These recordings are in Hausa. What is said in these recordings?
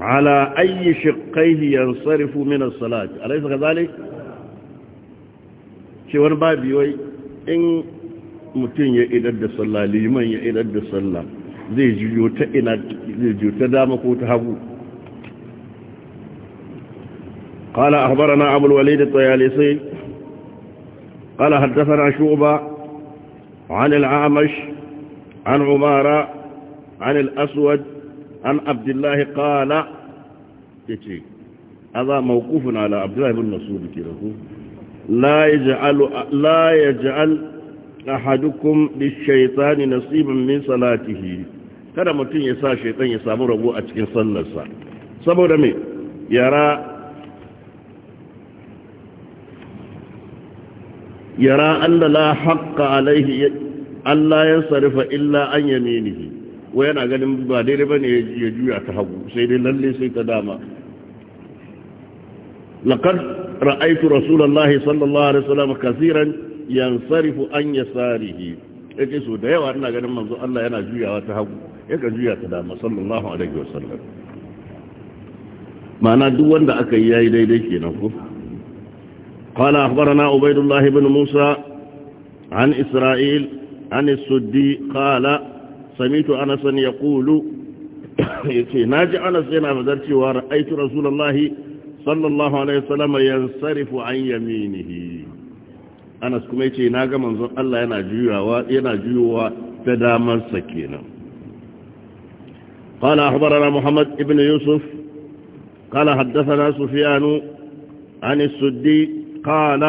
على أي شقيه ينصرف من الصلاة أليس كذلك؟ شوان بابي وي إن متين يئدد الصلاة لمن يئدد الصلاة zai juyo ta ina zai juyo ta dama قال أخبرنا أبو الوليد الطيالسي قال حدثنا شعبة عن العامش عن عمارة عن الأسود an abdullahi ce, a za aza mawqufun ala abdullahi da ke kirahu la ya yaj'al la yaj'al ahadukum lish-shaytani nasiban min salatihi kada mutum ya sa shaitan ya samu rabo a cikin sallarsa saboda mai yara yara an la haqqa alaihi an la yansarifa illa an yaminihi ko yana ganin ba daidai bane ya juya ta hagu sai dai lalle sai ta dama laqad ra'aytu rasulullahi sallallahu alaihi wasallam kaseeran yansarifu an yasarihi yake so da yawa ina ganin manzo Allah yana juyawa ta hagu yake juya ta dama sallallahu alaihi wasallam ma'ana duk wanda aka yi yayi daidai kenan ko قال أخبرنا عبيد الله بن موسى عن إسرائيل عن السدي قال samitu anasan ya kulu ya na ji anas yana fazar cewa ra'aitu rasulallah sallallahu alaihi salama ya sarrafa an yaminihi anas kuma yace na ga manzon Allah yana juyawa yana juyowa ta damar sakinan قال أخبرنا محمد بن يوسف قال حدثنا سفيان عن السدي قال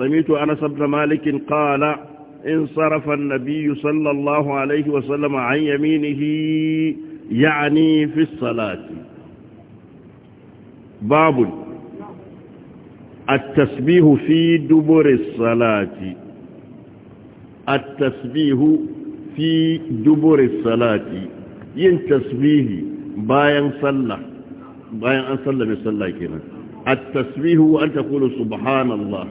سميت أنا سبن مالك قال قال انصرف النبي صلى الله عليه وسلم عن يمينه يعني في الصلاة باب التسبيح في دبر الصلاة التسبيح في دبر الصلاة ين تسبيح باين صلى باين أن صلى بالصلاة كنا التسبيح أن تقول سبحان الله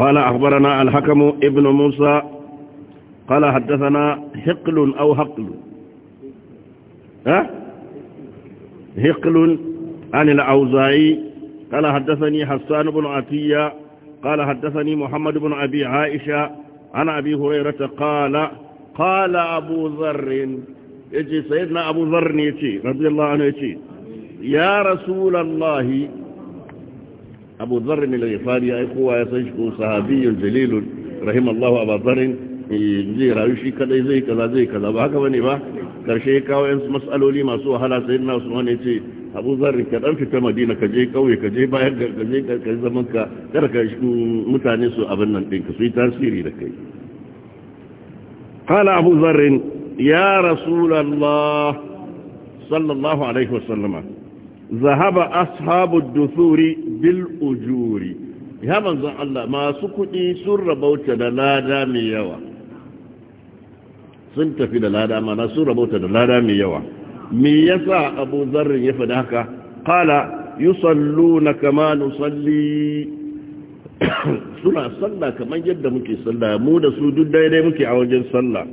قال أخبرنا الحكم ابن موسى قال حدثنا هقل أو هقل ها هقل عن الأوزاعي قال حدثني حسان بن عطية قال حدثني محمد بن أبي عائشة عن أبي هريرة قال قال أبو ذر يجي سيدنا أبو ذر يجي رضي الله عنه يجي يا رسول الله abu zarri ne al-ghifari ai kowa ya san shi ko sahabiyyun jalilun rahimallahu abu zarri eh, zai rayu shi kadai zai kaza zai kaza ba haka bane ba karshe kawo yan mas'aloli masu wahala sai na su wani ce abu zarri ka dan fita madina ka je kauye ka je bayan ka je ka zaman ka kar ka mutane su abin nan ɗinka su yi tasiri da kai قال أبو ذر يا رسول الله صلى الله عليه وسلم zahaba ashabu dusuri bil ujuri ya manzon Allah masu kuɗi sun rabauta da lada mai yawa sun tafi da lada mana sun rabauta da lada mai yawa me yasa abu zarrin ya faɗa haka yi sallu na kama nusalli suna sallah kamar yadda muke sallah mu da su duk daidai muke a wajen sallah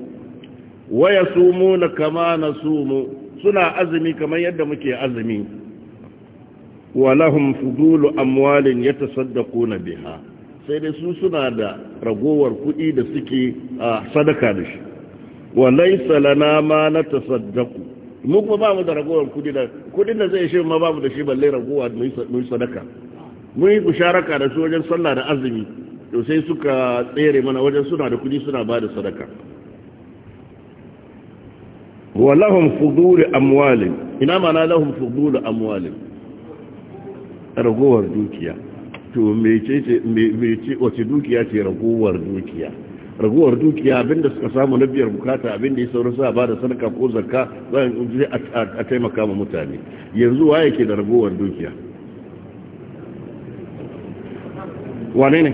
waya sumu na kama na sumu suna azumi kamar yadda muke azumi wa lahum fudulu amwalin yatasaddaquna biha sai dai su suna da ragowar kuɗi da suke sadaka da shi wa laysa lana ma natasaddaqu mu kuma ba mu da ragowar kuɗi da kuɗin da zai shi ma ba mu da shi balle ragowa mu sadaka mun yi kusharaka da su wajen sallah da azumi to sai suka tsere mana wajen suna da kuɗi suna ba da sadaka wa lahum fudulu amwalin ina ma na lahum fudulu amwalin ragowar dukiya to mece wace dukiya ce ragowar dukiya ragowar dukiya abinda suka samu na biyar bukata abinda ya sauransu a bada sarka ko zarka zai a taimaka ma mutane yanzu waye ke da ragowar dukiya wane ne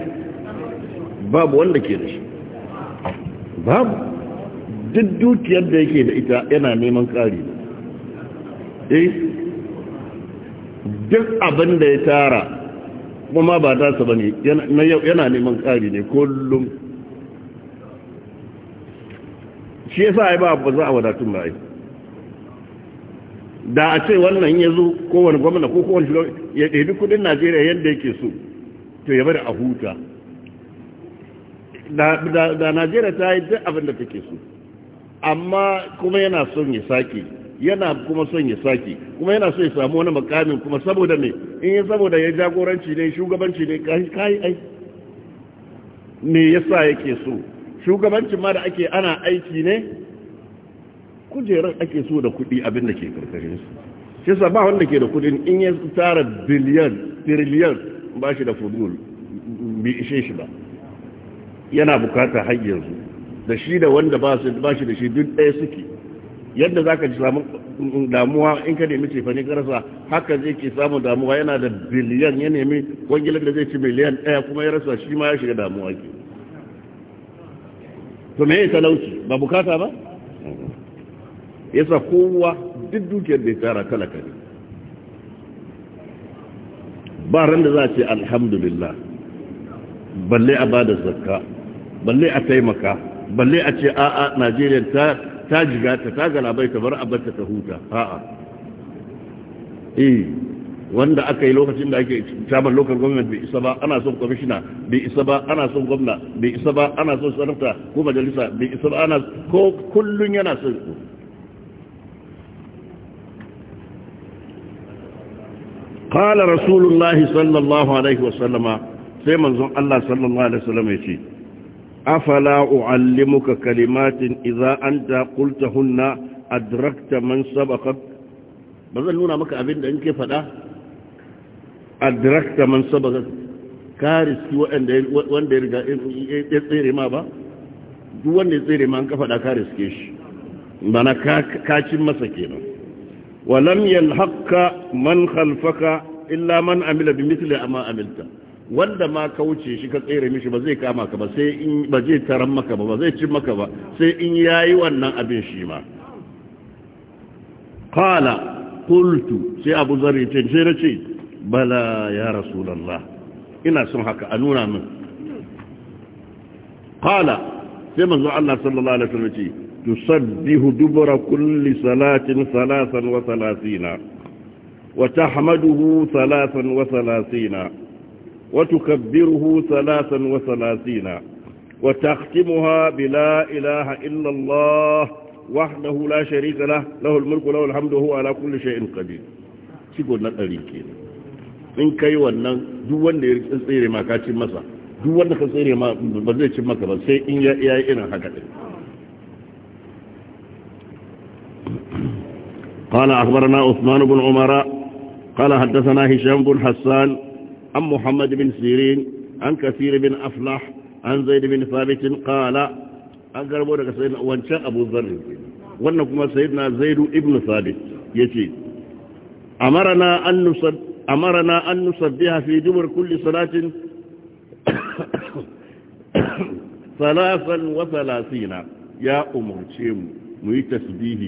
babu wanda ke da shi babu duk dukiyar da yake da ita yana neman ƙari eh duk abin da ya tara kuma ba tasa ba ne yana neman ƙari ne kullum shi ya sa ba ba za a wadatun ba da a ce wannan ya zo kowane gwamna ko kowane shugaban ya ɗabi kudin najeriya yadda yake so to ya bari a huta da najeriya ta yi duk abin da take so amma kuma yana son ya sake yana kuma son ya sake kuma yana so ya samu wani makamin kuma saboda ne, in yi saboda ya jagoranci ne shugabanci ne yi ai me yasa yake so shugabancin ma da ake ana aiki ne kujerar ake so da kuɗi abin da ke karkashin su shi sa ba wanda ke da kuɗin in ya tara biliyan tiriliyan ba shi da fudul bi ishe shi ba yana bukata har su da shi da wanda ba shi da shi duk ɗaya suke yadda za ka samu damuwa in ka nemi cefane karasa haka zai ke samun damuwa yana da biliyan ya nemi wangilar da zai ci miliyan ɗaya kuma ya rasa shi ma ya shiga damuwa ke to me ya talauci ba bukata ba ya sa kowa duk dukiyar da ya tara talaka ne ba ran da za a ce alhamdulillah balle a ba da zakka balle a taimaka balle a ce a'a najeriya ta ta jigata ta galabai ta bar abarta ta huta a'a eh wanda aka yi lokacin da ake chairman local government bai isa ba ana son commissioner bai isa ba ana son gwamna bai isa ba ana son sanata ko majalisa bai isa ba ana ko kullun yana son قال رسول الله صلى الله عليه وسلم سيما الله صلى الله عليه وسلم يقول afala u'allimuka kalimatin idza anta qultahunna adrakta man sabaqak bazan nuna maka abin da ke fada adrakta man sabaqak kariski wanda wanda ya riga ya tsere ma ba duk wanda ya tsere ma an ka fada kariske shi bana kacin masa kenan walam yalhaqqa man khalfaka illa man amila bimithli ma amilta wanda ma ka wuce shi ka tsere mishi ba zai kama ka ba sai in ba zai taran maka ba ba zai cin maka ba sai in yayi wannan abin shi ma qala qultu sai Abu Zar ya ce sai na ce bala ya rasulullah ina son haka a nuna min qala sai manzo Allah sallallahu alaihi wasallam ce tusabbihu dubra kulli salatin salasan wa salasina salasan wa salasina وتكبره ثلاثا وثلاثين وتختمها بلا إله إلا الله وحده لا شريك له له الملك له الحمد هو على كل شيء قدير شكو نتريكين إن كي ونن دوان يرسيري ما كاتم مسا دوان يرسيري ما بزيش مسا بس إن يا إيا إنا حكتين قال أخبرنا عثمان بن عمر قال حدثنا هشام بن حسان عن محمد بن سيرين عن كثير بن أفلح عن زيد بن ثابت قال أقربوا لك سيدنا وانشاء أبو ذر وأنكم سيدنا زيد بن ثابت يتي أمرنا أن نصد أمرنا أن نصديها في جمر كل صلاة ثلاثا وثلاثين يا أمر شيم ميتسبيه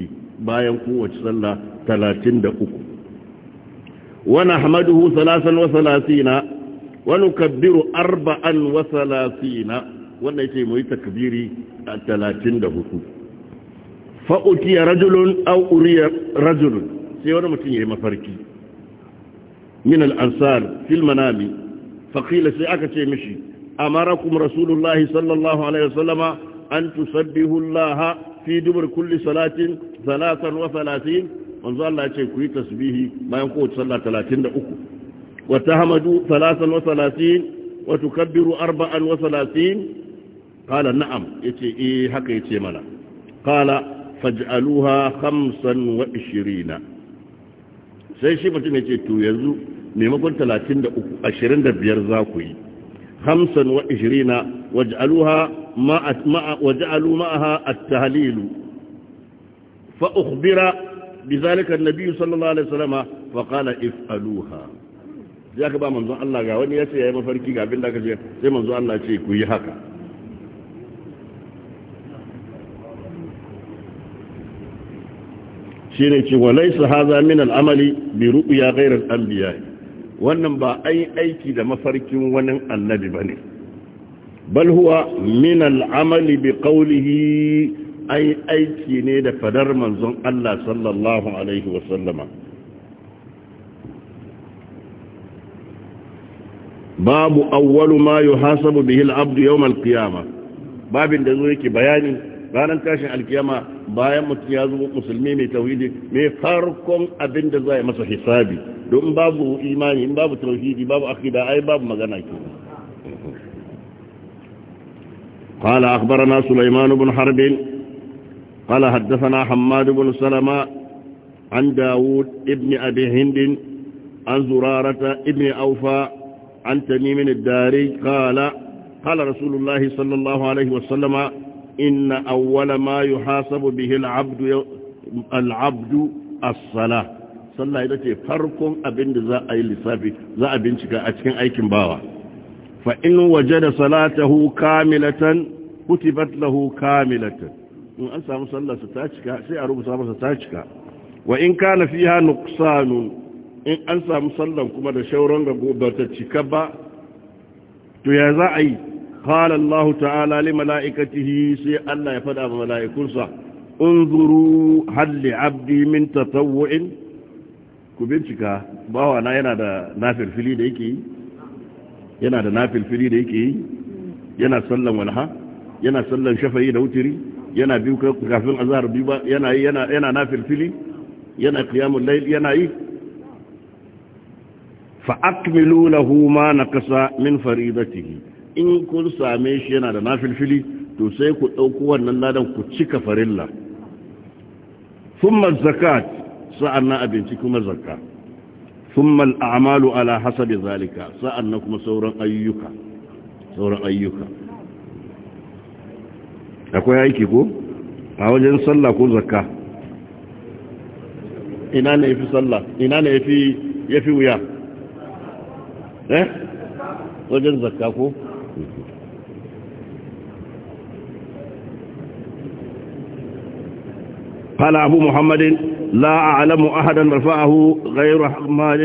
باين قوة صلى ثلاثين دقوق ونحمده ثلاثا وثلاثين ونكبر أربعا وثلاثين ونأتي مهي تكبيري الثلاثين دهوتو فأتي رجل أو أري رجل سيونا متنيه مفركي من الأنصار في المنام فقيل سيأكا تيمشي أمركم رسول الله صلى الله عليه وسلم أن تسبه الله في دبر كل صلاة ثلاثا وثلاثين manzo Allah ya ce ku yi tasbihi bayan kowace sallah 33 wa tahmadu 33 wa tukabbiru 34 qala na'am yace eh haka yace mana qala faj'aluha 25 sai shi mutum yace to yanzu maimakon 33 25 za ku yi 25 waj'aluha ma'a waj'alu ma'aha at-tahlil fa ukhbira بذلك النبي صلى الله عليه وسلم فقال افعلوها ya ka ba manzon Allah ga wani ya ce ya mafarki abin da aka ce sai manzon Allah ce ku yi haka shi haza min al'amali bi ruɓuya gairar anbiya wannan ba an yi aiki da mafarkin wani annabi ba ne bal huwa min al'amali bi ƙaulihi ai aiki ne da fadar manzon Allah sallallahu alaihi wasallama babu awwalu ma yuhasabu bihi al-abdu yawm al-qiyama babin da zo yake bayani ranar tashin alkiyama bayan mutum ya zo musulmi mai tauhidi mai farkon abin da za masa hisabi don babu imani in babu tauhidi babu akida ai babu magana ke قال أخبرنا سليمان بن حرب قال حدثنا حماد بن سلمة عن داود ابن أبي هند عن زرارة ابن أوفى عن تميم الداري قال قال رسول الله صلى الله عليه وسلم إن أول ما يحاسب به العبد العبد الصلاة صلى إذا تفرق أبن ذا أي لسابي ذا أبن شكا أتكن أي كمباوة فإن وجد صلاته كاملة كتبت له كاملة in an samu sallarsa ta cika sai a rubuta masa ta cika wa in kana fiha nuqsanun in an samu sallan kuma da shauran ga gobe cika ba to ya za a yi qala Allah ta'ala li mala'ikatihi sai Allah ya fada ma mala'ikunsa unzuru hal li 'abdi min tatawwu'in ku bincika bawa na yana da nafilfili da yake yi yana da nafilfili da yake yi yana sallan walha yana sallan shafa'i da wutiri yana biyu kafin azhar biyu ba yana yi yana yana nafilfili yana qiyamul layl yana yi fa akmilu lahu ma naqasa min faridatihi in kun same shi yana da nafilfili to sai ku dauko wannan ladan ku cika farilla thumma zakat sa'anna abinci kuma zakka thumma al'amalu ala hasabi zalika sa'anna kuma sauran ayyuka sauran ayyuka akwai aiki ko a wajen sallah ko zakka ina ne yafi sallah ina ne wuya eh wajen zakka ko قال أبو محمد لا أعلم أحدا رفعه غير محمد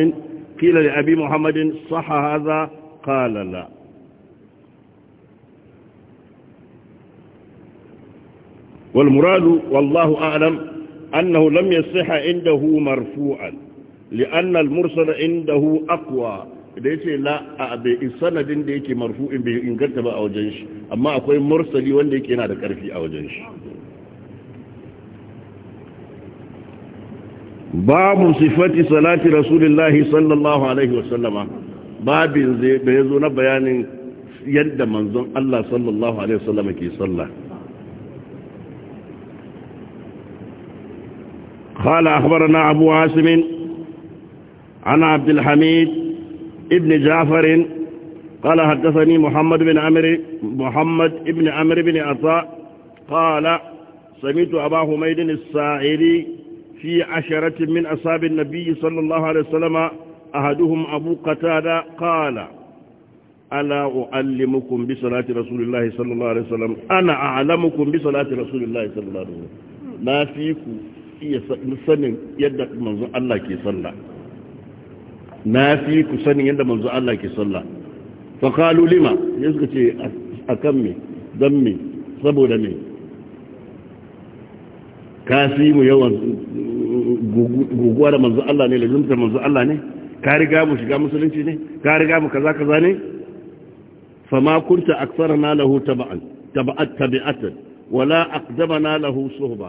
قيل لأبي محمد صح هذا قال لا والمراد والله أعلم أنه لم يصح عنده مرفوعا لأن المرسل عنده أقوى da yace la a bai sanadin da yake marfu'in bai inganta ba a wajen shi amma akwai mursali wanda yake yana da karfi a wajen shi babu sifati salati rasulullahi sallallahu alaihi wasallama babin zai da yazo na bayanin yadda manzon Allah sallallahu ke sallah قال أخبرنا أبو عاصم عن عبد الحميد ابن جعفر قال حدثني محمد بن عمر محمد ابن عمر بن عطاء قال سمعت أبا حميد السائلي في عشرة من أصحاب النبي صلى الله عليه وسلم أحدهم أبو قتادة قال ألا أعلمكم بصلاة رسول الله صلى الله عليه وسلم أنا أعلمكم بصلاة رسول الله صلى الله عليه وسلم ما فيكم iya sanin yadda manzo Allah ke sallah na fi ku sanin yadda manzo Allah ke sallah fa qalu lima yanzu suka ce akan me dan me saboda me ka fi mu yawan guguwa da manzo Allah ne lazimta manzo Allah ne ka riga mu shiga musulunci ne ka riga mu kaza kaza ne ma kunta na lahu taba'an taba'at tabi'atan wala aqdamna lahu suhba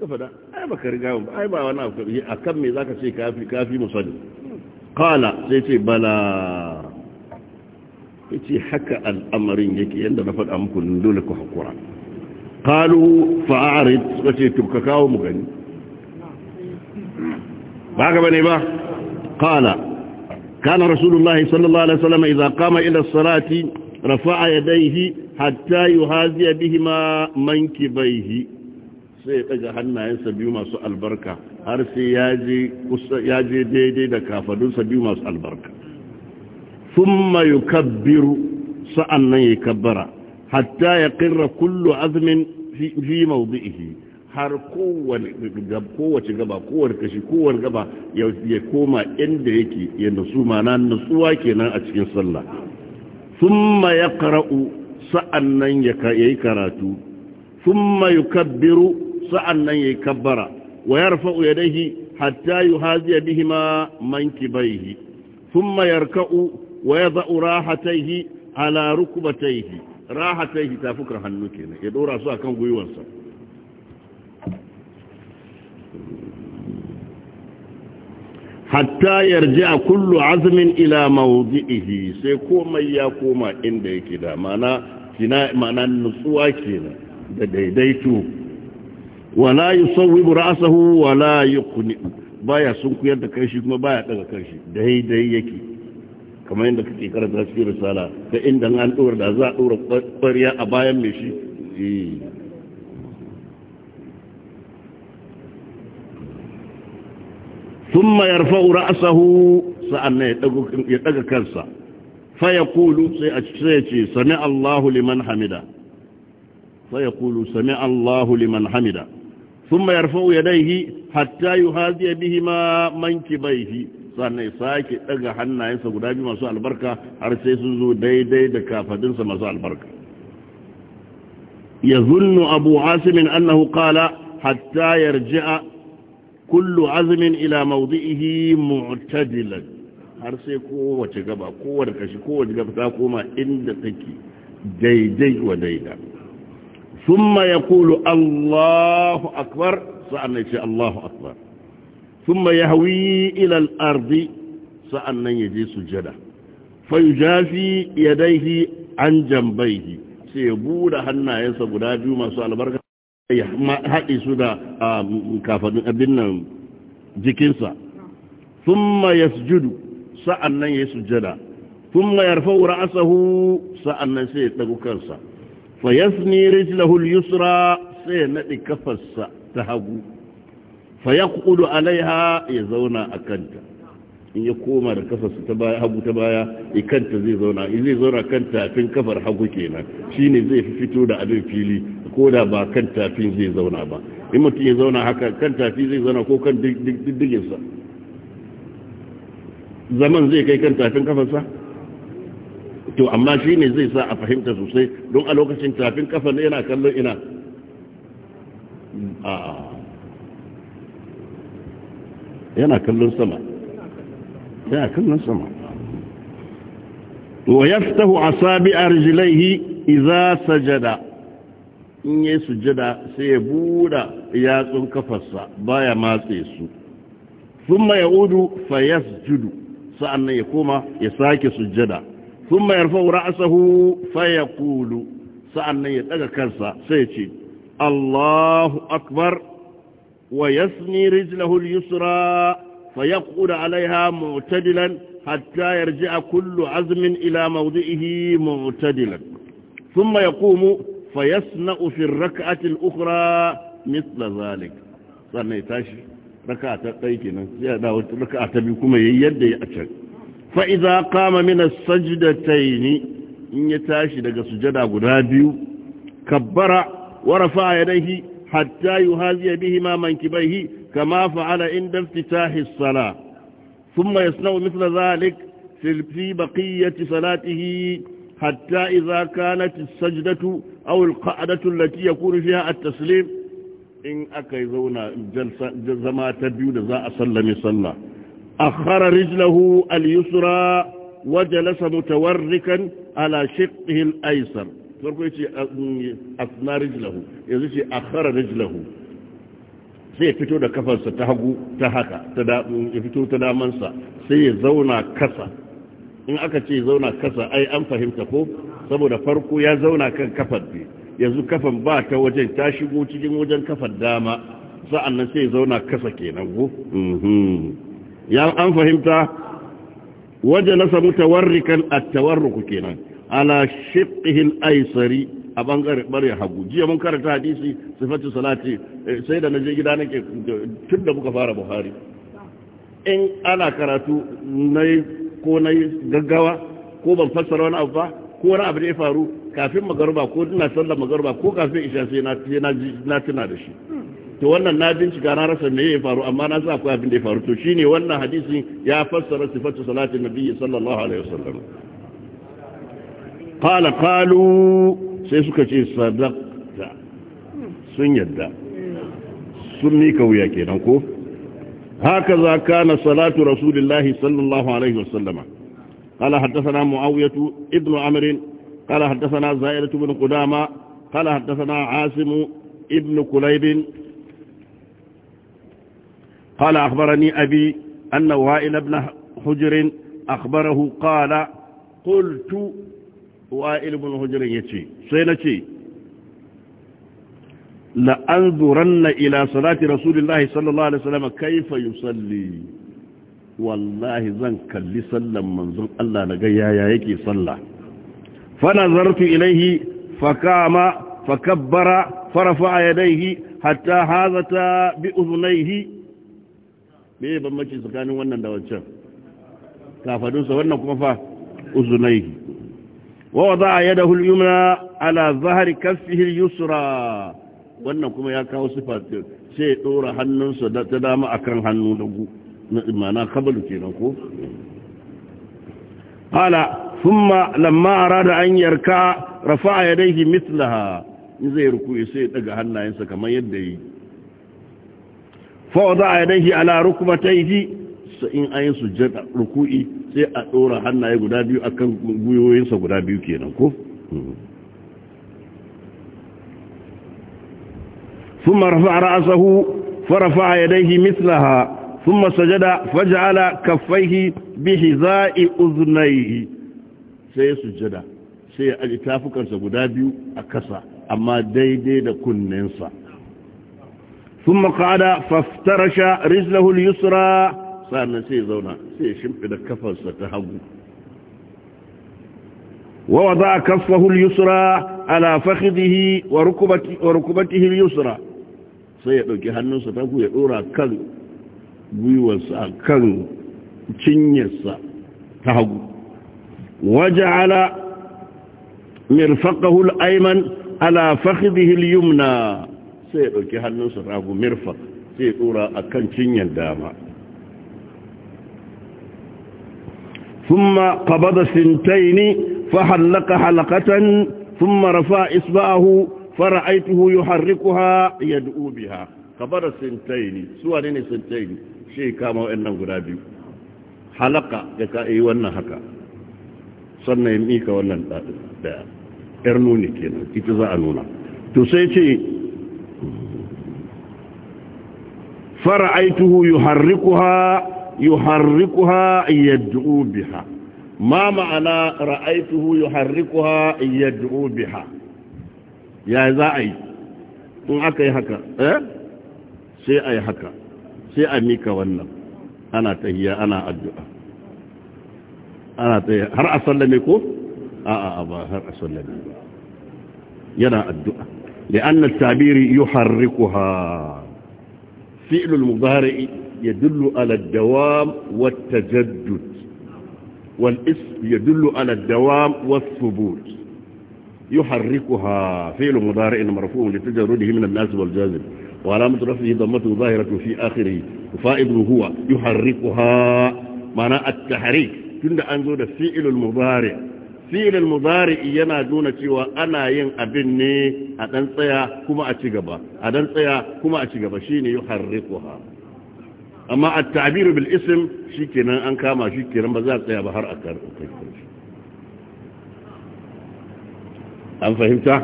ka fada ai baka riga ba ai ba wani abu a kan me zaka ce kafi kafi sani. qala sai ce bala yace haka al'amarin yake yanda na faɗa muku dole ku hakura qalu fa'arid wace to ka kawo mu gani ba ga bane ba qala kana rasulullahi sallallahu alaihi wasallam idza qama ila as-salati rafa'a yadayhi hatta yuhaziya bihima mankibaihi sai ya ɗaga hannayensa biyu masu albarka har sai ya je daidai da kafadunsa biyu masu albarka sun mayu kabbiru sa'an nan ya kabbara hatta ya ƙirra kullu azumin fi maudu'ihi har kowace gaba kowace kashi kowace gaba ya koma inda yake ya nasu mana nasuwa kenan a cikin sallah sun ma ya ƙara'u sa'an nan ya yi karatu sun ma yi kabbiru sa'an nan ya yi kabbara wa ya rufa uyadahi hatta yi haziya ma manki baihi sun mayar ka'u wa ya za'u rahataihi ala rukubataihi rahataihi fukar hannu kenan ya ɗora su a kan gwiwansa hatta a kullu azumin ila mawdi'ihi sai komai ya koma inda yake da mana nutsuwa kenan da daidaito wala yusawwibu ra'sahu wala Ba ya sunkuyar da kanshi kuma ya daga kanshi daidai yake kamar yadda kake karanta cikin risala ta inda an ɗora da za a ɗora ƙwariya a bayan mai shi ثم يرفع رأسه سأنا يتقى كنسا فيقول سيأتي سمع الله لمن حمده فيقول sami Allahu liman Hamida. ثم يرفع يديه حتى يهادي بهما منكبيه sannan sake daga hannayensa guda biyu masu albarka har sai sun zo daidai da kafadinsa masu albarka ya zunnu abu asimin annahu qala hatta yarji'a kullu azumin ila mawdi'ihi mu'tadilan har sai kowace gaba kowace kashi kowace gaba ta koma inda take daidai wa daidai ثم يقول الله أكبر سألنا يشاء الله أكبر ثم يهوي إلى الأرض سألنا يجي سجدا فيجافي يديه عن جنبيه سيبود حنا ينسب داجو ما سؤال بركة حقي سدى كافة أبنا جكنسا ثم يسجد سألنا يسجدا ثم يرفع رأسه سألنا سيتنقو كنسا fayasni rijlahu al-yusra sai nadi kafarsa ta hagu fayaqulu alaiha ya zauna akanta in ya koma da kafarsa ta baya hagu ta baya ikanta zai zauna in zai zauna kan tafin kafar hagu kenan shine zai fito da abin fili ko da ba kan tafin zai zauna ba in mutum ya zauna haka kan tafi zai zauna ko kan diddiginsa zaman zai kai kan tafin kafarsa to amma shi ne zai sa a fahimta sosai don a lokacin tafin kafa ne yana kallon ina yana kallon sama yana kallon sama wa yaftahu asabi rijilaihi iza sajada in yi sujada sai ya buɗa yatsun kafarsa baya matse su Sun udu fayas yaudu fayasjudu sa'annan ya koma ya sake sujada ثم يرفع رأسه فيقول سألنا يتقى كرسا سيتي الله أكبر ويثني رجله اليسرى فيقعد عليها معتدلا حتى يرجع كل عزم إلى موضعه معتدلا ثم يقوم فيصنع في الركعة الأخرى مثل ذلك سألنا يتاشي ركعة تقيتنا زيادة ركعة بكم يدي أتشك fa’iza kama mina sajida ta yi in ya tashi daga sujada guda biyu, kabbara wa rafa a yadahi hatta yi haziya bihi ma manki bai hi kama fa’ala inda fita hissala. Sun mai suna umisla zalik, filfi baƙiyyati salatihi hatta iza kana ta sajidatu, awul ƙa’adatun lati ya kuri fiya a taslim in aka zauna zama ta biyu da za a sallami sallah. أخر رجله اليسرى وجلس متوركا على شقه الأيسر فرقوا يتي أثنى رجله yanzu ce رجله sai ya fito da kafarsa ta hagu ta haka ya fito ta damansa sai ya zauna kasa in aka ce zauna kasa ai an fahimta ko saboda farko ya zauna kan kafar biyu. yanzu kafan ba ta wajen ta shigo cikin wajen kafar dama sa'annan sai ya zauna kasa kenan go mhm ya an fahimta waje nasa mutawarrikan at-tawarruku kenan ala shiqqihi al-aysari a bangare bare hagu jiya mun karanta hadisi sifatu salati eh, sai da naje gida nake tun da muka fara buhari in ana karatu nai ko nai gaggawa ko ban fassara wani abu ba ko wani abu da ya faru kafin magaruba ko ina sallar magaruba ko kafin isha sai na tuna da shi to wannan na bincika na rasa me ya faru amma na sa akwai abin da ya faru to shine wannan hadisin ya fassara sifatu salatin nabiyyi sallallahu alaihi wasallam qala qalu sai suka ce sadaqta sun yadda sun mika wuya kenan ko haka za kana salatu rasulillahi sallallahu alaihi wasallama قال حدثنا معاوية ابن عمر قال حدثنا زائرة بن قدامة قال حدثنا عاصم Ibn كليب قال أخبرني أبي أن وائل بن حجر أخبره قال قلت وائل بن حجر يتي سينتي لأنظرن إلى صلاة رسول الله صلى الله عليه وسلم كيف يصلي والله زنك اللي صلى منظر الله لقيا يا يكي صلى فنظرت إليه فقام فكبر فرفع يديه حتى هذا بأذنيه me ya bambanci tsakanin wannan da wancan kafadunsa wannan kuma fa uzunai wa wada yadahu al-yumna ala zahri kaffihi al-yusra wannan kuma ya kawo sifa sai dora hannunsa da ta dama akan hannu na imana kabalu kenan ko Hala, thumma lamma arada an yarka rafa'a yadayhi mithlaha in zai ruku sai ya daga hannayensa kamar yadda yi fawada yadayhi ala rukbatayhi sai in ayi sujjada ruku'i sai a dora hannaye guda biyu a kan guyoyinsa guda biyu kenan ko Sun ra'asahu a ثم رفع رأسه فرفع يديه مثلها ثم سجد فجعل كفيه بحذاء أذنيه sai sujjada sai ya aji tafukarsa guda biyu a kasa amma daidai da kunninsa ثم قال فافترش رجله اليسرى صار نسي زونا سي شمك ده كفل ستهب ووضع كفه اليسرى على فخذه وركبته, وركبته اليسرى سيئتو جهنم ستهب يؤرى كان بيوسى كان تنيسى تهب وجعل مرفقه الأيمن على فخذه اليمنى sai ya ɗauki hannunsa ragu mirfa sai ya ɗora a kan cinyar dama ثم قبض سنتين فحلق حلقة ثم رفع إصبعه فرأيته يحركها يدعو بها قبض سنتين سوالين سنتين شيء كما وإنه قرابي حلقة يكائي haka sannan ya mika wannan ɗaya ƴar nuni kenan ita za a nuna فرأيته يحركها يحركها يدعو بها ما معنى رأيته يحركها يدعو بها يا زعي ان اكي هكا اه إيه؟ سي اي هكا سي اميك وانا انا تهيا انا ادعا انا تهيا هر اسلميكو اه اه هر اسلميكو ينا ادعا لان التعبير يحركها فعل المضارع يدل على الدوام والتجدد والاسم يدل على الدوام والثبوت يحركها فعل مضارع مرفوع لتجرده من الناس والجازم وعلامة رفعه ضمته ظاهرة في آخره وفائده هو يحركها معنى التحريك كنا أنزل فعل المضارع filin muzari'i yana nuna cewa ana yin abin ne a dan tsaya kuma a ci gaba a dan tsaya kuma a ci gaba shi ne amma a tabiru bil isim shi kenan an kama shi kenan ba za a tsaya ba har a karɓi an fahimta?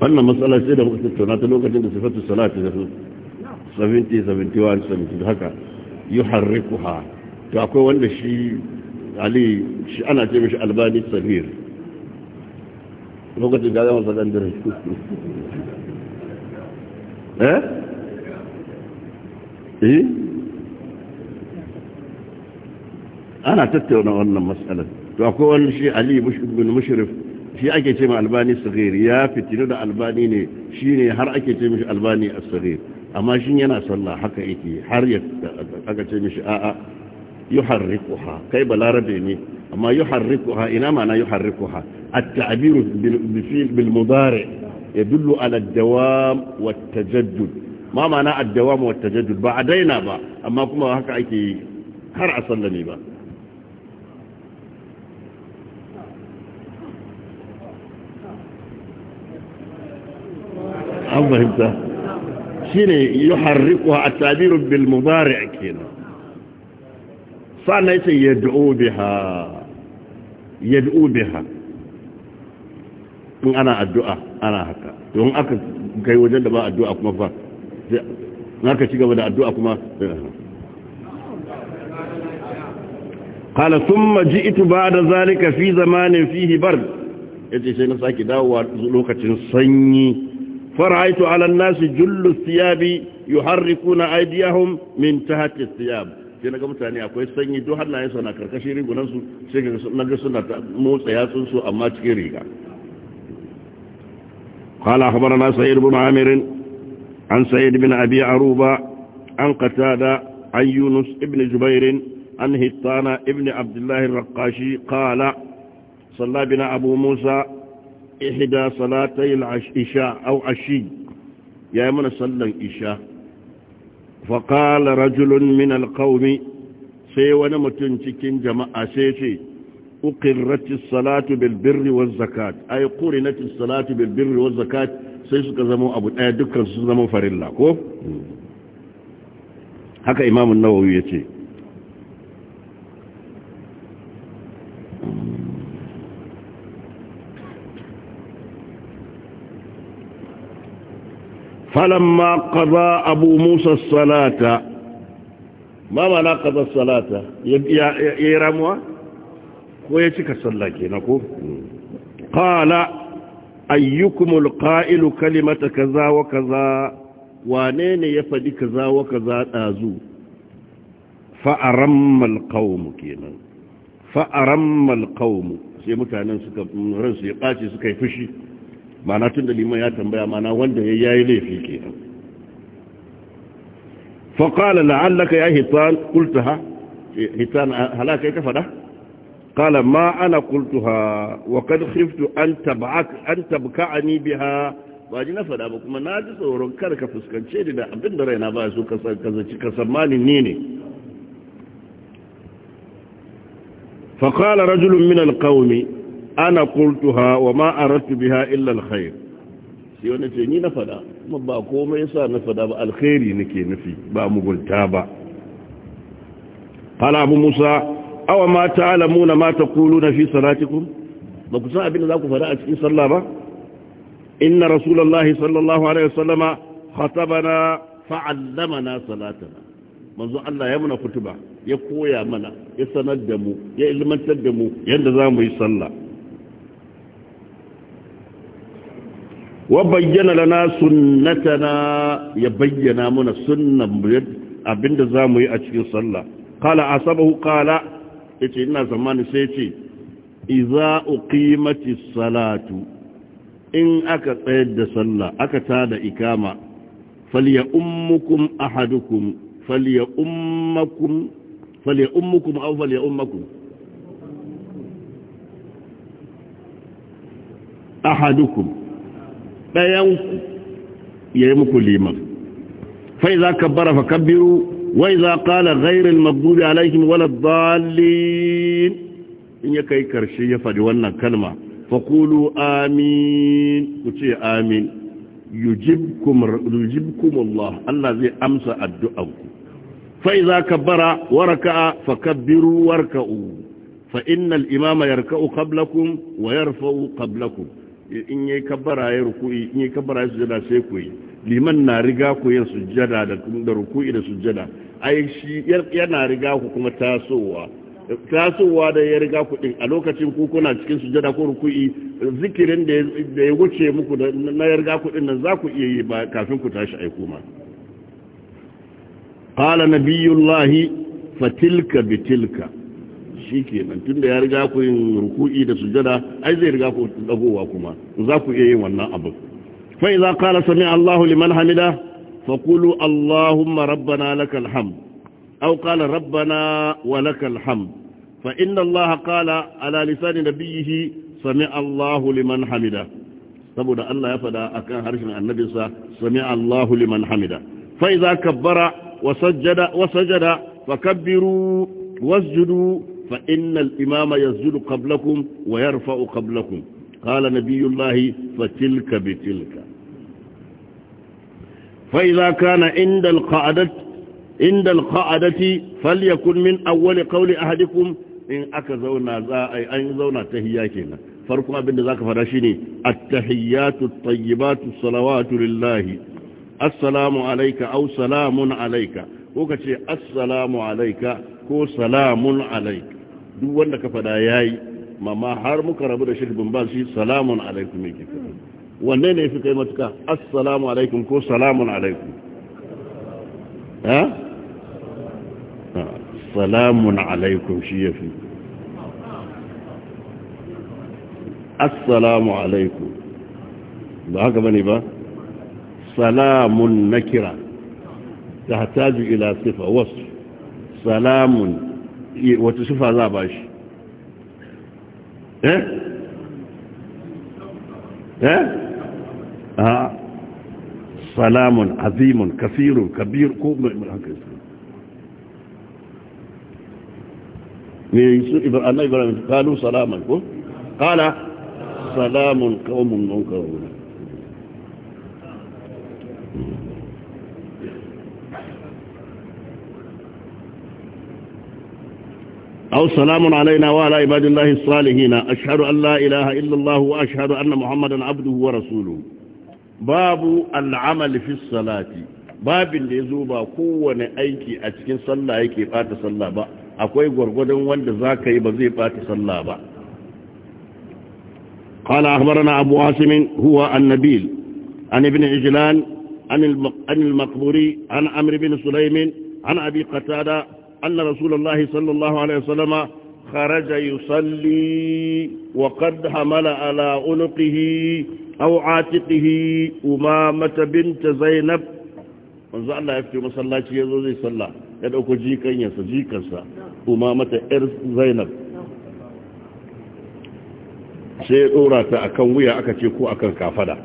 wannan matsala sai da muka tattauna ta lokacin da sifatu salati da su 70 71 70 haka يحركها تعقوا ولا شيء علي شي انا تي مش الباني الصغير لغه الجاده ما صدق اندر ها ايه انا تتونا ولا مساله تعقوا ولا شيء علي مش ابن مشرف شيء اكي تي الباني الصغير يا فتنه الباني شيء هر اكي تي مش الباني الصغير amma shi yana sallah haka yake har ya aka ce mishi a'a yuharrikuha kai balarabe ne amma yuharrikuha ina ma'ana yuharrikuha at-ta'biru bil fi'l bil mudari yadullu ala ad-dawam wat tajaddud ma ma'ana ad-dawam wat tajaddud ba adaina ba amma kuma haka ake har a sallame ba an fahimta shine yuharriku at-tabiru bil mudari' kenan sannan yace yad'u biha yad'u biha in ana addu'a ana haka don aka kai wajen da ba addu'a kuma fa naka ci gaba da addu'a kuma قال ثم جئت بعد ذلك في زمان فيه برد yace sai na sake dawowa lokacin sanyi فرأيت على الناس جل الثياب يحركون أيديهم من تحت الثياب kina ga mutane akwai sanyi duk hannayen na karkashin su sai na ga suna motsa su amma cikin riga qala أخبرنا سيد بن عامر عن سيد بن أبي عروبة عن قتادة عن يونس ibn jubair an هطان ibn abdullah ar-raqashi qala صلى بنا أبو موسى ihda salatay al-isha aw ashi yayi mana sallan isha fa qala rajulun min al sai wani mutum cikin jama'a sai ce uqirratis salatu bil birri waz zakat ay qurinatis salatu bil birri waz zakat sai suka zama abu daya dukkan su zama farilla ko haka imamun nawawi yace فلما قضى أبو موسى الصلاة ما معنى قضى الصلاة يرموا ويتك الصلاة قال أيكم القائل كلمة كذا وكذا وانين يفدي كذا وكذا آزو فأرم القوم كينا فأرم القوم سيمتعنا سكا رنسي قاتي سكا يفشي mana tun da liman ya tambaya mana wanda ya yayi laifi ke. fa qala la'allaka ya hitan qultaha hitan halaka ya qala ma ana qultaha wa kad khiftu an tab'ak an tabka'ani biha ba ji na fada ba kuma na ji tsoron kar ka fuskance ni da abin da raina ba su kasaci kasammani ni ne fa qala rajulun min al ana kultuha wa ma aradtu biha illa alkhair sai wani ce ni na fada kuma ba komai yasa na fada ba alkhairi nake nufi ba mugunta ba qala abu musa aw ma ta'lamuna ma taquluna fi salatikum ba ku san abin da za ku fada a cikin sallah ba inna rasulullahi sallallahu alaihi wasallama khatabana fa'allamana salatana manzo Allah ya muna kutuba ya koya mana ya sanar da mu ya ilmantar da mu yadda za mu yi sallah wa bayyana lana sunnatana ya bayyana mana sunnan abinda za mu yi a cikin sallah kala asabahu kala yace ina zamani sai ce iza uqimati salatu in aka tsayar da sallah aka tada ikama falya ummukum ahadukum falya ummakum falya ummukum aw falya ummakum ahadukum ɗayanku ya yi muku liman fai za ka bara fa kabbiru wai za ƙala gairin magdubi alaihim wala dalilin in ya kai karshe ya faɗi wannan kalma faƙulu amin ku ce amin yujibkum Allah Allah zai amsa addu'anku fa iza kabbara wa raka'a fakabbiru warka'u fa innal imama yarka'u qablakum wa yarfa'u qablakum in yayi kabbara ya ruku'i in yayi kabbara ya sujada sai ku yi liman na riga ku yin sujada da ruku'i da sujada ai shi yana riga ku kuma tasowa tasowa da ya riga ku din a lokacin ku kuna cikin sujada ko ruku'i zikirin da ya wuce muku na ya riga ku din nan za ku iya yi ba kafin ku tashi ai kuma qala nabiyullahi fatilka bitilka shi kenan tunda ya riga ku yin ruku'i da sujada ai zai riga ku dagowa kuma za ku iya yin wannan abu fa idza qala sami Allahu liman hamida fa qulu Allahumma rabbana lakal hamd aw qala rabbana wa lakal hamd fa inna Allah qala ala lisan nabiyhi sami Allahu liman hamida saboda Allah ya fada akan harshen annabinsa sami Allahu liman hamida fa idza kabbara wa sajjada wa sajjada fakabbiru wasjudu فإن الإمام يسجد قبلكم ويرفع قبلكم قال نبي الله فتلك بتلك فإذا كان عند القعدة عند القعدة فليكن من أول قول أحدكم إن أكزونا زائي أن زونا تهياتنا فرقم أبن ذاك فرشني التحيات الطيبات الصلوات لله السلام عليك أو سلام عليك وكتشي السلام عليك كو سلام عليك duk wanda ka fada yi mamma har muka rabu da shirbin ba shi salamun alaikum yake wanne ne fi kai matuka assalamu alaikum ko salamun alaikum ha salamun alaikum shi ya fi assalamu alaikum ba haka bane ba salamun nakira ta hataju ila sifa wasu salamun wata sufa za ba shi eh eh salamun azimun kasirun kabir ko mai haka su ne su ibrahim ibrahim kalu salaman ko kala salamun kawun munkaruna أو سلام علينا وعلى عباد الله الصالحين أشهد أن لا إله إلا الله وأشهد أن محمدا عبده ورسوله باب العمل في الصلاة باب اللي يزوبا كون أيكي أتكين صلى أيكي بات صلى با أكوي قرقودا واند ذاك يبزي بات صلى با قال أخبرنا أبو عاصم هو النبيل عن ابن عجلان عن المقبوري عن عمرو بن سليم عن أبي قتادة أن رسول الله صلى الله عليه وسلم خرج يصلي وقد حمل على عنقه أو عاتقه أمامة بنت زينب manzo Allah ya fito ya zo zai salla ya dauko jikan ya sa kuma mata yar Zainab sai ya ta akan wuya aka ce ko akan kafada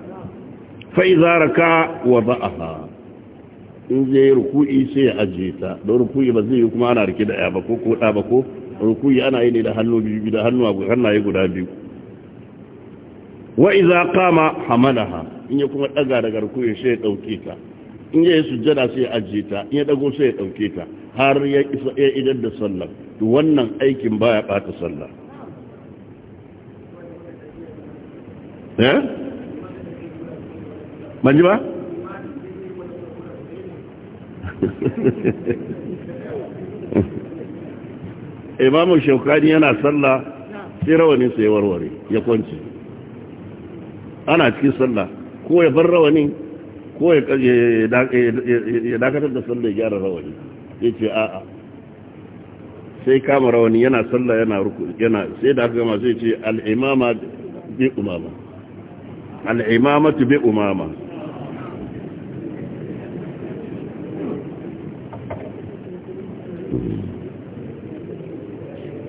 fa idza wa dha'aha in zai yi ruku'i sai ya ajiye ta don ruku'i ba zai yi kuma ana rike da ya ba ko ko da ba ko ruku'i ana yi ne da hannu biyu da hannu hannaye guda biyu wa idza qama hamalaha in ya kuma daga daga ruku'i sai ya dauke ta in ya yi sujjada sai ya ajiye ta in ya dago sai ya dauke ta har ya isa ya idan da sallah to wannan aikin baya bata sallah eh manji ba imamun shaukani yana sallah sai rawanin sai warware ya kwanci ana cikin sallah ko ya bar rawanin ko ya dakatar da sallah ya gyara rawani ya ce a'a sai kama rawani yana sallah yana ruku yana sai da aka gama sai ce al'imama bi umama al'imama bi umama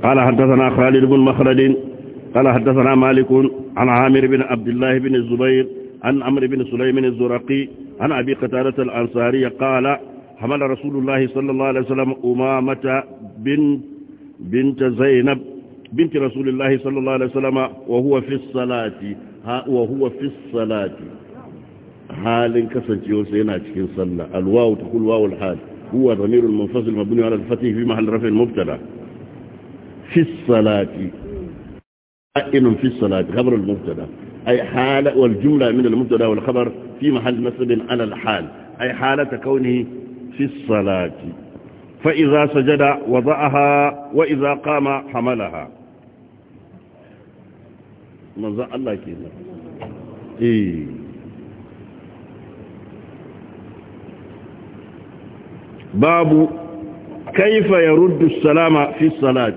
قال حدثنا خالد بن مخلد قال حدثنا مالك عن عامر بن عبد الله بن الزبير عن عمر بن سليم الزرقي عن أبي قتادة الأنصاري قال حمل رسول الله صلى الله عليه وسلم أمامة بنت, بنت زينب بنت رسول الله صلى الله عليه وسلم وهو في الصلاة وهو في الصلاة حال كسنتي وسيناتك صلى الواو تقول واو الحال هو ضمير المنفصل مبني على الفتح في محل رفع المبتدا في الصلاة قائم في الصلاة خبر المبتدا أي حالة والجملة من المبتدا والخبر في محل مسجد على الحال أي حالة كونه في الصلاة فإذا سجد وضعها وإذا قام حملها مزع الله كيف إيه باب كيف يرد السلام في الصلاة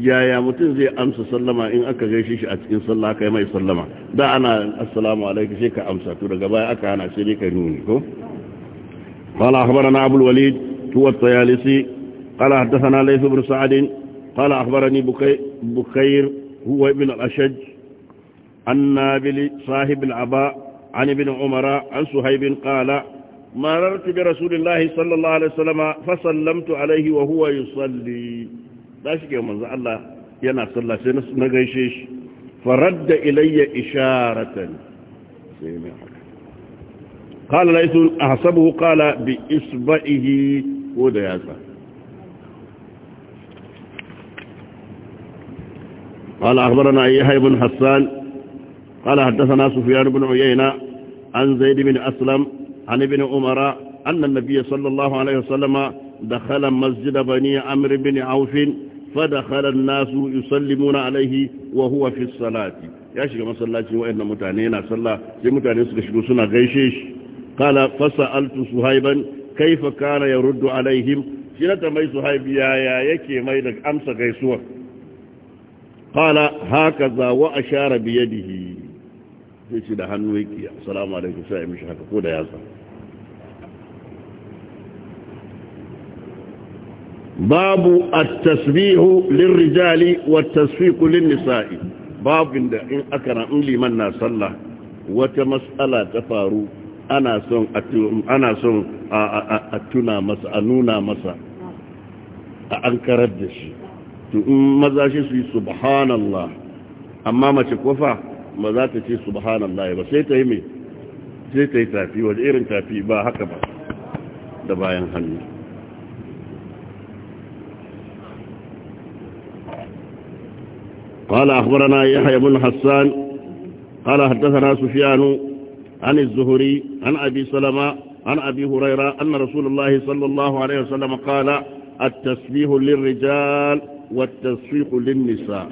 يا يا متنزي أمس سلم إن أكا غيشيش أتكين صلى كيما يسلم دا دعنا السلام عليك شيك أمس تودا قبايا أكا أنا سيريك نوني قال أخبرنا أبو الوليد هو الطيالسي قال أحدثنا ليس بن سعد قال أخبرني بخير هو ابن الأشج النابل صاحب العباء عن ابن عمر عن صهيب قال مررت برسول الله صلى الله عليه وسلم فسلمت عليه وهو يصلي داشك يا منزل الله ينا صلى سنس نغيشيش فرد إلي إشارة قال ليس أحسبه قال بإصبعه ودياسه قال أخبرنا يحيى بن حسان قال حدثنا سفيان بن عيينة عن زيد بن أسلم عن ابن عمر أن النبي صلى الله عليه وسلم دخل مسجد بني عمرو بن عوف فدخل الناس يسلمون عليه وهو في الصلاة ya shiga masallaci wa'annan mutane yana sallah sai mutane suka shigo suna gaishe shi kala fasa'altu suhaiban kaifa kana yaruddu alaihim shi na tambayi suhaibi yaya yake mai da amsa gaisuwa kala hakaza wa ashara bi yadihi da hannu yake assalamu alaikum mishi haka ko da babu at-tasbihu lirrijali wat-tasfiqu nisai babin da in aka ra'in liman na sallah wata mas'ala ta faru ana son ana son a tuna masa a nuna masa a ankarar da shi to in maza shi su yi subhanallah amma mace kofa ba za ta ce subhanallah ba sai ta yi mai sai ta yi tafi wajen irin tafi ba haka ba da bayan hannu قال أخبرنا يحيى بن حسان قال حدثنا سفيان عن الزهري عن أبي سلمة عن أبي هريرة أن رسول الله صلى الله عليه وسلم قال التسبيح للرجال والتسبيح للنساء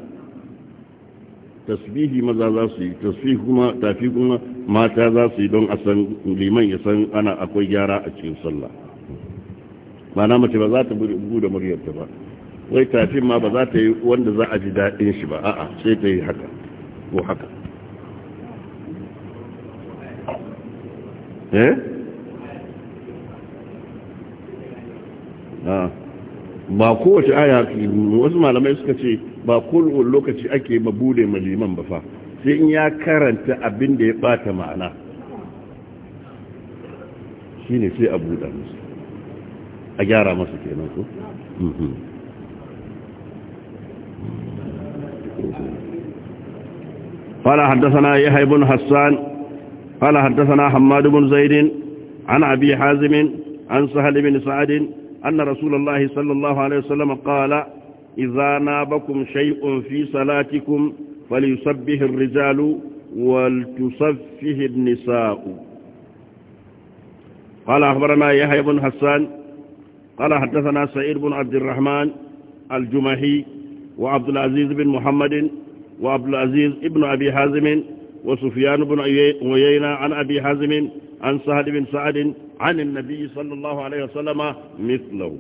tasbihi maza za su yi tasbihi kuma tafi kuma mata za su yi don a san liman ya san ana akwai gyara a cikin sallah ba na mace ba za ta bude muryarta ba wai tafin ma ba za ta yi wanda za a ji daɗin shi ba a'a sai ta yi haka ko haka eh ba kowace aya wasu malamai suka ce ba kowane lokaci ake mabude maliman ba fa sai in ya karanta abin da ya bata ma'ana shine sai a buɗa musu a gyara masu kenan ko? Mhm. قال حدثنا يحيى بن حسان قال حدثنا حماد بن زيد عن أبي حازم عن سهل بن سعد أن رسول الله صلى الله عليه وسلم قال إذا نابكم شيء في صلاتكم فليسبه الرجال ولتصفه النساء قال أخبرنا يحيى بن حسان قال حدثنا سعيد بن عبد الرحمن الجمهي وعبد العزيز بن محمد وعبد العزيز ابن أبي حازم وسفيان بن عيينة عن أبي حازم عن سهل بن سعد عن النبي صلى الله عليه وسلم مثله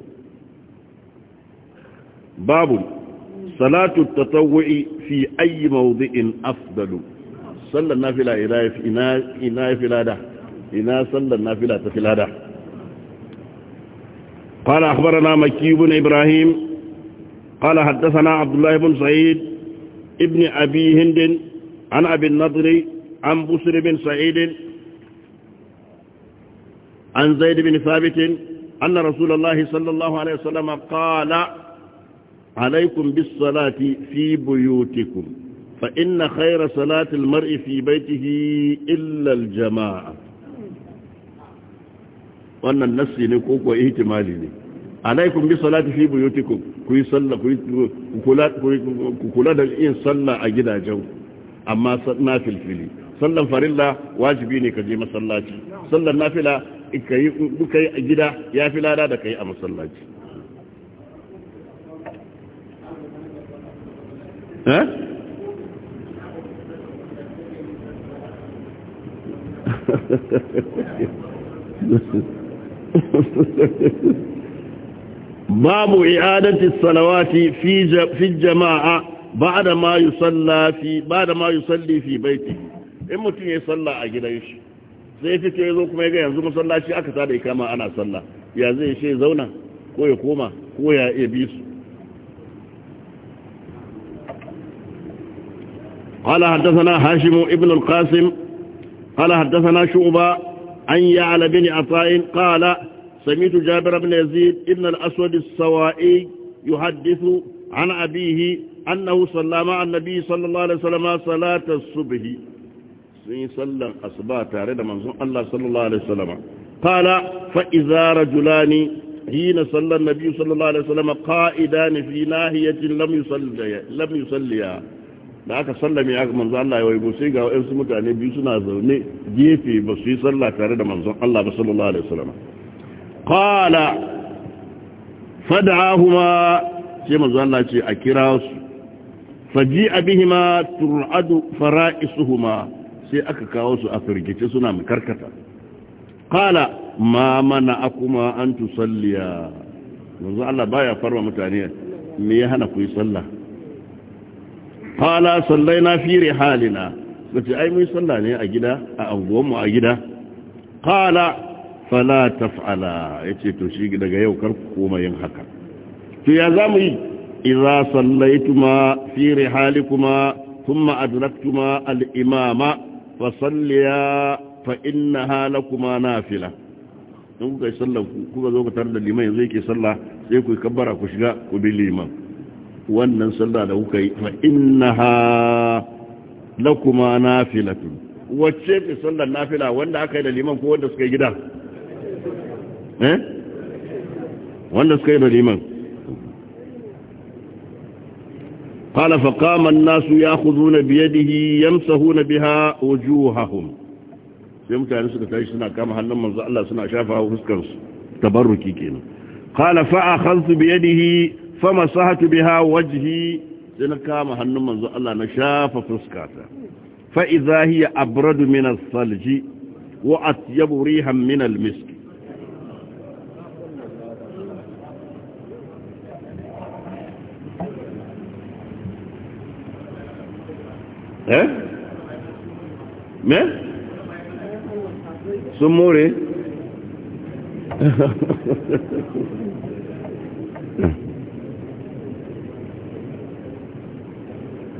باب صلاة التطوع في أي موضع أفضل صلى النافلة إلى إنا في الهدى إنا صلى النافلة في الهدى قال أخبرنا مكي بن إبراهيم قال حدثنا عبد الله بن سعيد ابن أبي هند عن أبي النضر عن بسر بن سعيد عن زيد بن ثابت أن رسول الله صلى الله عليه وسلم قال عليكم بالصلاة في بيوتكم فإن خير صلاة المرء في بيته إلا الجماعة وأن النسي نكوك وإهتمالي kuwa alaikum bi salati fi buyutikum ku yi sallah ku kula da yin sallah a gidajen amma na fili sallan farilla wajibi ne ka je masallaci sallan nafila ka yi a gida ya fi lada da kai a masallaci eh babu i'adati salawati fi jama'a ba'da ma yusalla fi ba'da ma yusalli fi baiti in mutum ya salla a gidan shi sai fice yazo kuma ga yanzu masallaci aka tada ikama ana salla ya zai she zauna ko ya koma ko ya iya bi su قال حدثنا هاشم ابن القاسم قال حدثنا شعبة عن يعلى بن عطاء قال سميت جابر بن يزيد ابن الأسود السوائي يحدث عن أبيه أنه صلى مع النبي صلى الله عليه وسلم صلاة الصبح صلى أصبات رد منظوم الله صلى الله عليه وسلم قال فإذا رجلان حين صلى النبي صلى الله عليه وسلم قائدان في ناهية لم يصليا لم يصليا da aka sallame aka manzo Allah ya waigo sai ga wayansu mutane biyu suna zaune gefe ba su yi sallah tare da manzon Allah ba sallallahu alaihi wasallam qala fad'ahuma sai manzo Allah ce a kira su faji'a bihima tur'adu fara'isuhuma sai aka kawo su a firgice suna karkata qala ma mana akuma an tusalliya manzo Allah baya farwa mutane me ya hana ku yi sallah qala sallaina fi rihalina kace ai mun sallah ne a gida a anguwanmu mu a gida qala fala taf'ala yace to shi daga yau kar ku koma yin haka to ya zamu yi idza sallaituma fi rihalikuma thumma adraktuma al-imama fa salliya fa innaha lakuma nafila in kuka yi sallah kuka zo ku tar da liman yanzu yake sallah sai ku kabbara ku shiga ku bi liman wannan sallah da kuka yi fa innaha lakuma nafilatun wacce ce sallar nafila wanda aka yi da liman ko wanda suka yi gida Eh? wanda suka yi da liman biye فقام الناس ياخذون بيده biha بها وجوههم sai mutane suka tashi suna kama hannun manzo Allah suna shafa fuskar su tabarruki kenan qala fa akhadtu bi yadihi famasahatu biha wajihi sai na kama hannun manzo Allah na shafa fuskata fa idha abradu min as-salji wa atyabu rihan min eh me sun more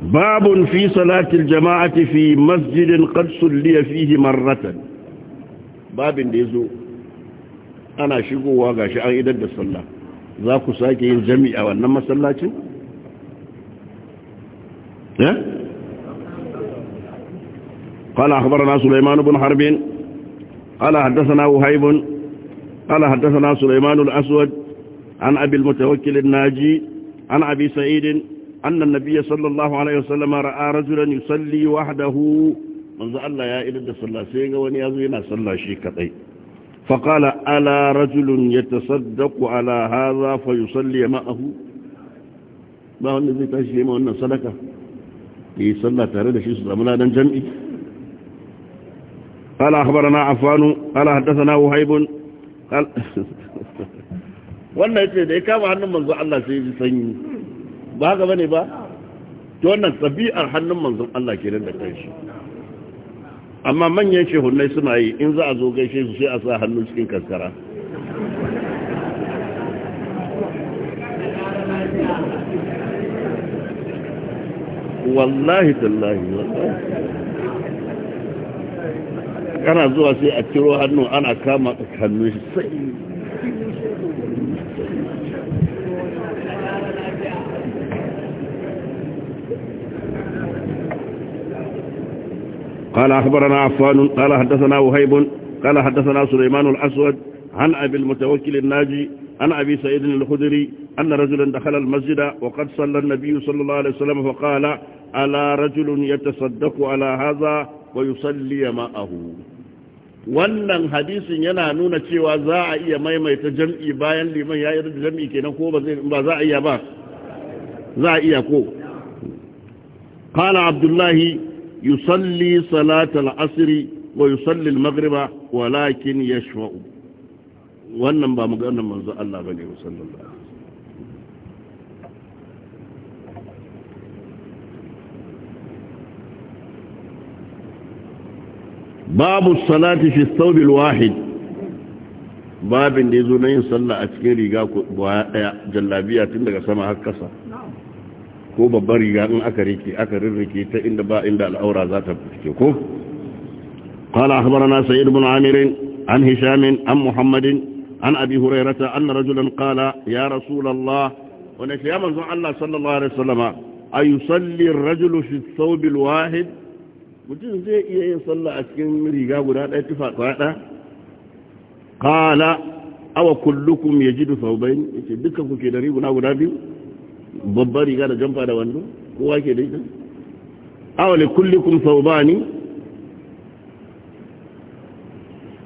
باب في صلاة الجماعة في مسجد قد صلي فيه مرة باب ديزو أنا شكو واقع شعر إدد الصلاة ذاكو ساكي الجميع وأنما صلاة ها؟ قال أخبرنا سليمان بن حرب قال حدثنا وهيب قال حدثنا سليمان الأسود عن أبي المتوكل الناجي عن أبي سعيد أن النبي صلى الله عليه وسلم رأى رجلا يصلي وحده من منذ الله يا إلد صلى سيغا ونيازينا صلى شيكتي فقال ألا رجل يتصدق على هذا فيصلي معه ما هو الذي تشهي أن صدقه يصلى إيه تارد شيء صلى ملادا جمعي قال أخبرنا عفان قال حدثنا وحيب قال wannan yace da ya kama hannun manzo Allah sai ji sanyi ba haka bane ba to wannan tabi'ar hannun manzo Allah kenan da kanshi amma manyan shehunnai suna yi in za a zo gaishe su sai a sa hannu cikin kankara. wallahi tallahi wallahi kana zuwa sai a ciro انا ana kama hannun قال أخبرنا عفان قال حدثنا وهيب قال حدثنا سليمان الأسود عن أبي المتوكل الناجي عن أبي سيد الخدري أن رجلا دخل المسجد وقد صلى النبي صلى الله عليه وسلم فقال ألا رجل يتصدق على هذا ويصلي معه wannan hadisin yana nuna cewa za a iya maimaita jam'i bayan liman ya yarda jam'i kenan ko ba zai ba za a iya ba za a iya ko qala abdullahi yusalli salata al-asr wa yusalli al-maghriba walakin yashfa'u wannan ba maganar manzo Allah bane sallallahu alaihi babu salati fi thawbil wahid babin da zo na yin sallah a cikin riga kwaya daya jallabiya tun daga sama har kasa ko babbar riga in aka rike aka rirrike ta inda ba inda al'aura za ta fice ko قال أخبرنا سيد بن عامر عن هشام عن محمد عن أبي هريرة أن رجلا قال يا رسول الله ونسي يا منزع الله صلى الله عليه وسلم أيصلي الرجل في الثوب الواحد mutum zai iya yin sallah a cikin riga guda ɗaya tufa ɗaya kala awa kullukum ya ji dufa bayan yace dukkan kuke da riguna guda biyu babban riga da jamfa da wando kowa ke da ita awa li kullukum saubani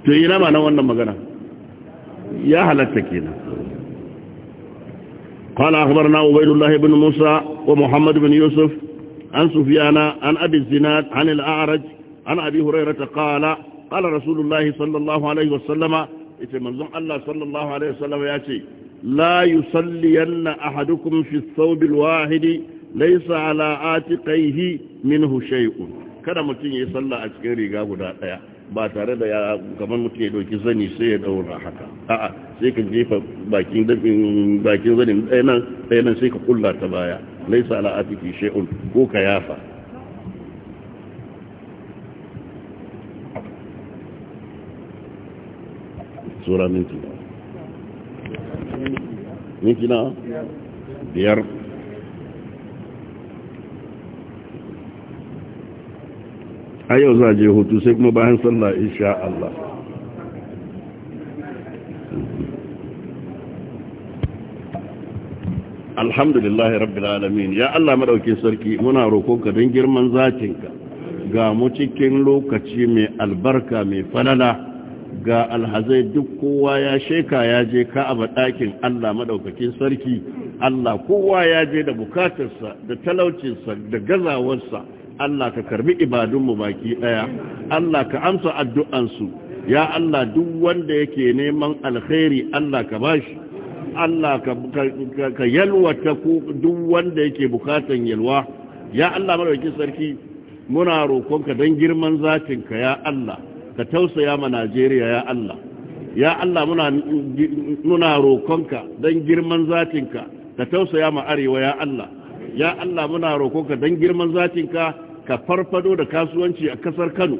to yi nama na wannan magana ya halatta kenan قال أخبرنا عبيد الله بن موسى ومحمد بن يوسف عن سفيان عن أبي الزناد عن الأعرج عن أبي هريرة قال قال رسول الله صلى الله عليه وسلم منظم الله صلى الله عليه وسلم يأتي لا يصلين أحدكم في الثوب الواحد ليس على آتقيه منه شيء kada mutum ya yi sallah a cikin riga guda ɗaya ba tare da ya kamar mutum ya dauki zani sai ya daura haka a'a sai ka jefa bakin dafin bakin zanin ɗaya nan ɗaya nan sai ka kulla ta baya laisa ala atiki shay'un ko ka yafa sura minti minti na biyar a yau za a je hutu sai kuma bayan sallah insha Allah alhamdulillahi rabbil alamin ya Allah madaukin sarki muna ka don girman zatinka ga mu cikin lokaci mai albarka mai falala ga alhazai duk kowa ya sheka ya je ka a ɗakin Allah maɗaukakin sarki Allah kowa ya je da bukatarsa da talaucinsa da gazawarsa Allah ka karbi ibadunmu baki ɗaya Allah ka amsa addu'ansu ya Allah duk wanda yake neman alkhairi Allah ka bashi Allah ka yalwata duk wanda yake bukatan yalwa ya Allah madaukakin sarki muna roƙonka don girman zatinka ya Allah ka tausaya ma Najeriya ya Allah ya Allah muna muna roƙonka don girman zatinka ka tausaya ma arewa ya Allah ya Allah muna roƙonka don girman zatinka ka farfado da kasuwanci a kasar Kano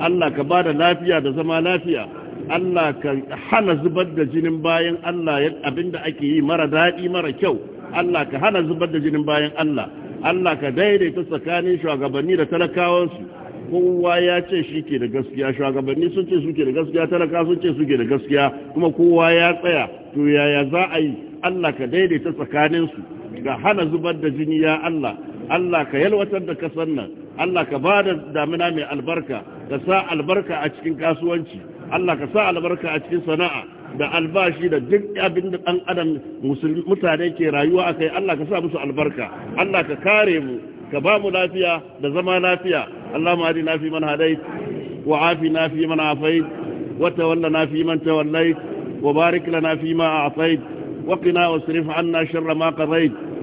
Allah ka ba da lafiya da zama lafiya Allah ka hana zubar da jinin bayan Allah abinda ake yi mara daɗi mara kyau Allah ka hana zubar da jinin bayan Allah Allah ka daidaita tsakanin shugabanni da talakawansu kowa ya ce shi ke da gaskiya shugabanni sun ce suke da gaskiya talaka sun ce suke da gaskiya kuma kowa ya tsaya to yaya za a yi Allah ka daidaita tsakaninsu ga hana zubar da jini ya Allah Allah ka yalwatar da kasar nan Allah ka ba da damina mai albarka ka sa albarka a cikin kasuwanci Allah ka sa albarka a cikin sana'a da albashi da duk abin da ɗan adam mutane ke rayuwa a kai Allah ka sa musu albarka Allah ka kare mu ka ba mu lafiya da zama lafiya Allah ma na fi man hadait wa afi na fi man afait wa tawalla na fi man tawallait wa barik lana fi ma a'tait wa qina wasrif anna sharra ma qadait